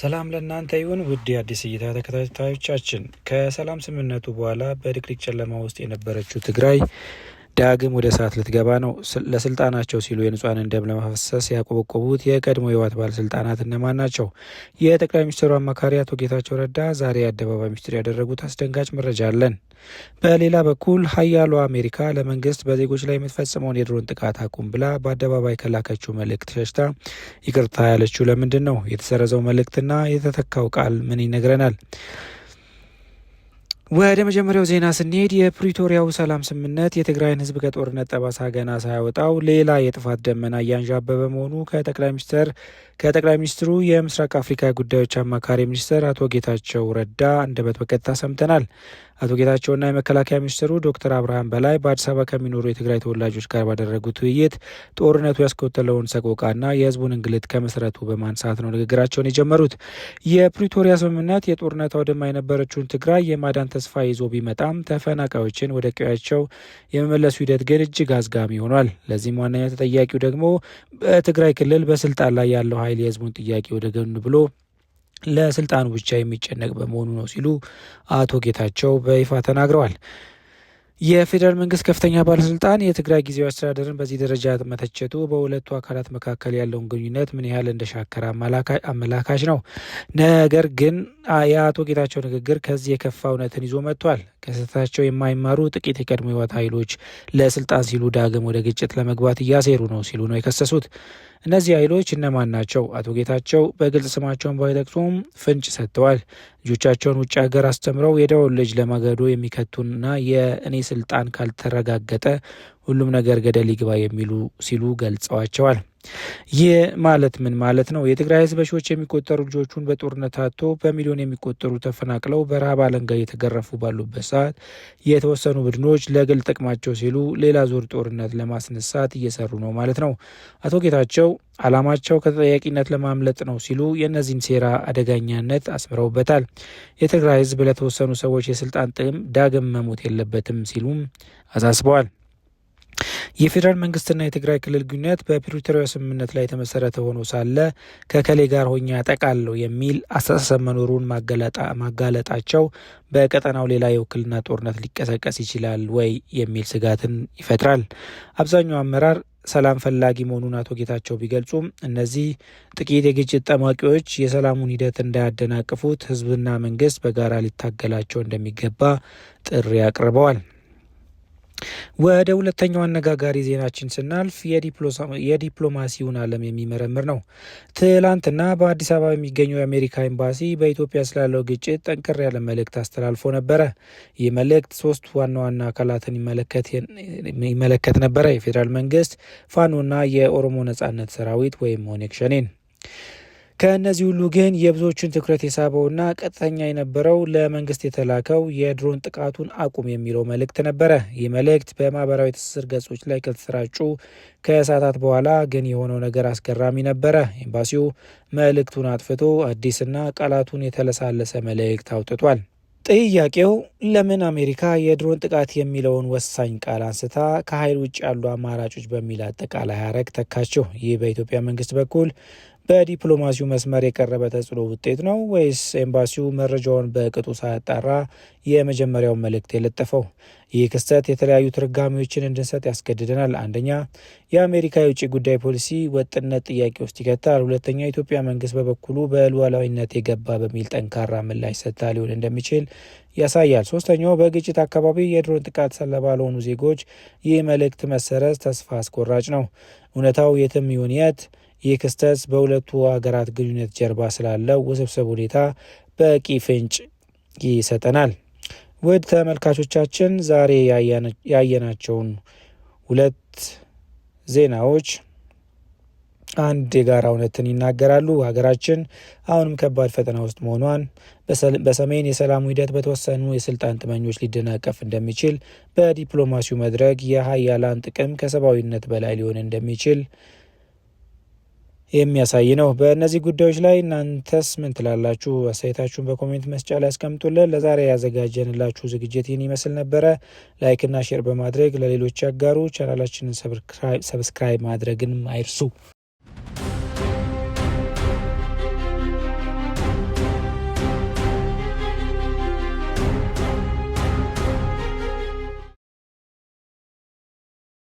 ሰላም ለእናንተ ይሁን ውድ የአዲስ እይታ ተከታታዮቻችን። ከሰላም ስምምነቱ በኋላ በድቅድቅ ጨለማ ውስጥ የነበረችው ትግራይ ዳግም ወደ እሳት ልትገባ ነው። ለስልጣናቸው ሲሉ የንጹሐንን ደም ለማፈሰስ ያቆበቆቡት የቀድሞ የህወሓት ባለስልጣናት እነማን ናቸው? የጠቅላይ ሚኒስትሩ አማካሪ አቶ ጌታቸው ረዳ ዛሬ አደባባይ ሚኒስትር ያደረጉት አስደንጋጭ መረጃ አለን። በሌላ በኩል ሀያሉ አሜሪካ ለመንግስት በዜጎች ላይ የምትፈጽመውን የድሮን ጥቃት አቁም ብላ በአደባባይ ከላከችው መልእክት ሸሽታ ይቅርታ ያለችው ለምንድን ነው? የተሰረዘው መልእክትና የተተካው ቃል ምን ይነግረናል? ወደ መጀመሪያው ዜና ስንሄድ የፕሪቶሪያው ሰላም ስምምነት የትግራይን ህዝብ ከጦርነት ጠባሳ ገና ሳያወጣው ሌላ የጥፋት ደመና እያንዣበበ መሆኑ ከጠቅላይ ሚኒስትር ከጠቅላይ ሚኒስትሩ የምስራቅ አፍሪካ ጉዳዮች አማካሪ ሚኒስትር አቶ ጌታቸው ረዳ አንደበት በቀጥታ ሰምተናል። አቶ ጌታቸውና የመከላከያ ሚኒስትሩ ዶክተር አብርሃም በላይ በአዲስ አበባ ከሚኖሩ የትግራይ ተወላጆች ጋር ባደረጉት ውይይት ጦርነቱ ያስከተለውን ሰቆቃና የህዝቡን እንግልት ከመሰረቱ በማንሳት ነው ንግግራቸውን የጀመሩት። የፕሪቶሪያ ስምምነት የጦርነት አውድማ የነበረችውን ትግራይ የማዳን ተስፋ ይዞ ቢመጣም ተፈናቃዮችን ወደ ቀያቸው የመመለሱ ሂደት ግን እጅግ አዝጋሚ ሆኗል። ለዚህም ዋነኛ ተጠያቂው ደግሞ በትግራይ ክልል በስልጣን ላይ ያለው ኃይል የህዝቡን ጥያቄ ወደ ገኑ ብሎ ለስልጣኑ ብቻ የሚጨነቅ በመሆኑ ነው ሲሉ አቶ ጌታቸው በይፋ ተናግረዋል። የፌዴራል መንግስት ከፍተኛ ባለስልጣን የትግራይ ጊዜያዊ አስተዳደርን በዚህ ደረጃ መተቸቱ በሁለቱ አካላት መካከል ያለውን ግንኙነት ምን ያህል እንደሻከረ አመላካች ነው። ነገር ግን የአቶ ጌታቸው ንግግር ከዚህ የከፋ እውነትን ይዞ መጥቷል። ከስህተታቸው የማይማሩ ጥቂት የቀድሞ ህወሓት ኃይሎች ለስልጣን ሲሉ ዳግም ወደ ግጭት ለመግባት እያሴሩ ነው ሲሉ ነው የከሰሱት። እነዚህ ኃይሎች እነማን ናቸው? አቶ ጌታቸው በግልጽ ስማቸውን ባይጠቅሱም ፍንጭ ሰጥተዋል። ልጆቻቸውን ውጭ ሀገር አስተምረው የደወል ልጅ ለማገዶ የሚከቱና የእኔ ስልጣን ካልተረጋገጠ ሁሉም ነገር ገደል ይግባ የሚሉ ሲሉ ገልጸዋቸዋል። ይህ ማለት ምን ማለት ነው? የትግራይ ህዝብ በሺዎች የሚቆጠሩ ልጆቹን በጦርነት አጥቶ በሚሊዮን የሚቆጠሩ ተፈናቅለው በረሃብ አለንጋ እየተገረፉ ባሉበት ሰዓት የተወሰኑ ቡድኖች ለግል ጥቅማቸው ሲሉ ሌላ ዙር ጦርነት ለማስነሳት እየሰሩ ነው ማለት ነው። አቶ ጌታቸው አላማቸው ከተጠያቂነት ለማምለጥ ነው ሲሉ የእነዚህን ሴራ አደገኛነት አስምረውበታል። የትግራይ ህዝብ ለተወሰኑ ሰዎች የስልጣን ጥቅም ዳግም መሞት የለበትም ሲሉም አሳስበዋል። የፌዴራል መንግስትና የትግራይ ክልል ግንኙነት በፕሪቶሪያ ስምምነት ላይ የተመሰረተ ሆኖ ሳለ ከከሌ ጋር ሆኜ ያጠቃለሁ የሚል አስተሳሰብ መኖሩን ማጋለጣቸው በቀጠናው ሌላ የውክልና ጦርነት ሊቀሰቀስ ይችላል ወይ የሚል ስጋትን ይፈጥራል። አብዛኛው አመራር ሰላም ፈላጊ መሆኑን አቶ ጌታቸው ቢገልጹም እነዚህ ጥቂት የግጭት ጠማቂዎች የሰላሙን ሂደት እንዳያደናቅፉት ህዝብና መንግስት በጋራ ሊታገላቸው እንደሚገባ ጥሪ አቅርበዋል። ወደ ሁለተኛው አነጋጋሪ ዜናችን ስናልፍ የዲፕሎማሲውን ዓለም የሚመረምር ነው። ትላንትና በአዲስ አበባ የሚገኘው የአሜሪካ ኤምባሲ በኢትዮጵያ ስላለው ግጭት ጠንከር ያለ መልእክት አስተላልፎ ነበረ። ይህ መልእክት ሶስት ዋና ዋና አካላትን ይመለከት ነበረ። የፌዴራል መንግስት፣ ፋኖና የኦሮሞ ነጻነት ሰራዊት ወይም ኦነግ ሸኔን ከእነዚህ ሁሉ ግን የብዙዎቹን ትኩረት የሳበውና ቀጥተኛ የነበረው ለመንግስት የተላከው የድሮን ጥቃቱን አቁም የሚለው መልእክት ነበረ። ይህ መልእክት በማህበራዊ ትስስር ገጾች ላይ ከተሰራጩ ከሰዓታት በኋላ ግን የሆነው ነገር አስገራሚ ነበረ። ኤምባሲው መልእክቱን አጥፍቶ አዲስና ቃላቱን የተለሳለሰ መልእክት አውጥቷል። ጥያቄው ለምን አሜሪካ የድሮን ጥቃት የሚለውን ወሳኝ ቃል አንስታ ከኃይል ውጭ ያሉ አማራጮች በሚል አጠቃላይ አረግ ተካችው? ይህ በኢትዮጵያ መንግስት በኩል በዲፕሎማሲው መስመር የቀረበ ተጽዕኖ ውጤት ነው ወይስ ኤምባሲው መረጃውን በቅጡ ሳያጣራ የመጀመሪያውን መልእክት የለጠፈው? ይህ ክስተት የተለያዩ ትርጋሚዎችን እንድንሰጥ ያስገድደናል። አንደኛ፣ የአሜሪካ የውጭ ጉዳይ ፖሊሲ ወጥነት ጥያቄ ውስጥ ይከታል። ሁለተኛ፣ የኢትዮጵያ መንግስት በበኩሉ በሉዓላዊነት የገባ በሚል ጠንካራ ምላሽ ሰጥታ ሊሆን እንደሚችል ያሳያል። ሶስተኛው በግጭት አካባቢ የድሮን ጥቃት ሰለባ ለሆኑ ዜጎች ይህ መልእክት መሰረዝ ተስፋ አስቆራጭ ነው። እውነታው የትም ይሁን የት ይህ ክስተት በሁለቱ ሀገራት ግንኙነት ጀርባ ስላለው ውስብስብ ሁኔታ በቂ ፍንጭ ይሰጠናል። ውድ ተመልካቾቻችን ዛሬ ያየናቸውን ሁለት ዜናዎች አንድ የጋራ እውነትን ይናገራሉ። ሀገራችን አሁንም ከባድ ፈተና ውስጥ መሆኗን፣ በሰሜን የሰላሙ ሂደት በተወሰኑ የስልጣን ጥመኞች ሊደናቀፍ እንደሚችል፣ በዲፕሎማሲው መድረክ የሀያላን ጥቅም ከሰብአዊነት በላይ ሊሆን እንደሚችል የሚያሳይ ነው። በእነዚህ ጉዳዮች ላይ እናንተስ ምን ትላላችሁ? አስተያየታችሁን በኮሜንት መስጫ ላይ ያስቀምጡልን። ለዛሬ ያዘጋጀንላችሁ ዝግጅት ይህን ይመስል ነበረ። ላይክና ሼር በማድረግ ለሌሎች ያጋሩ። ቻናላችንን ሰብስክራይብ ማድረግንም አይርሱ።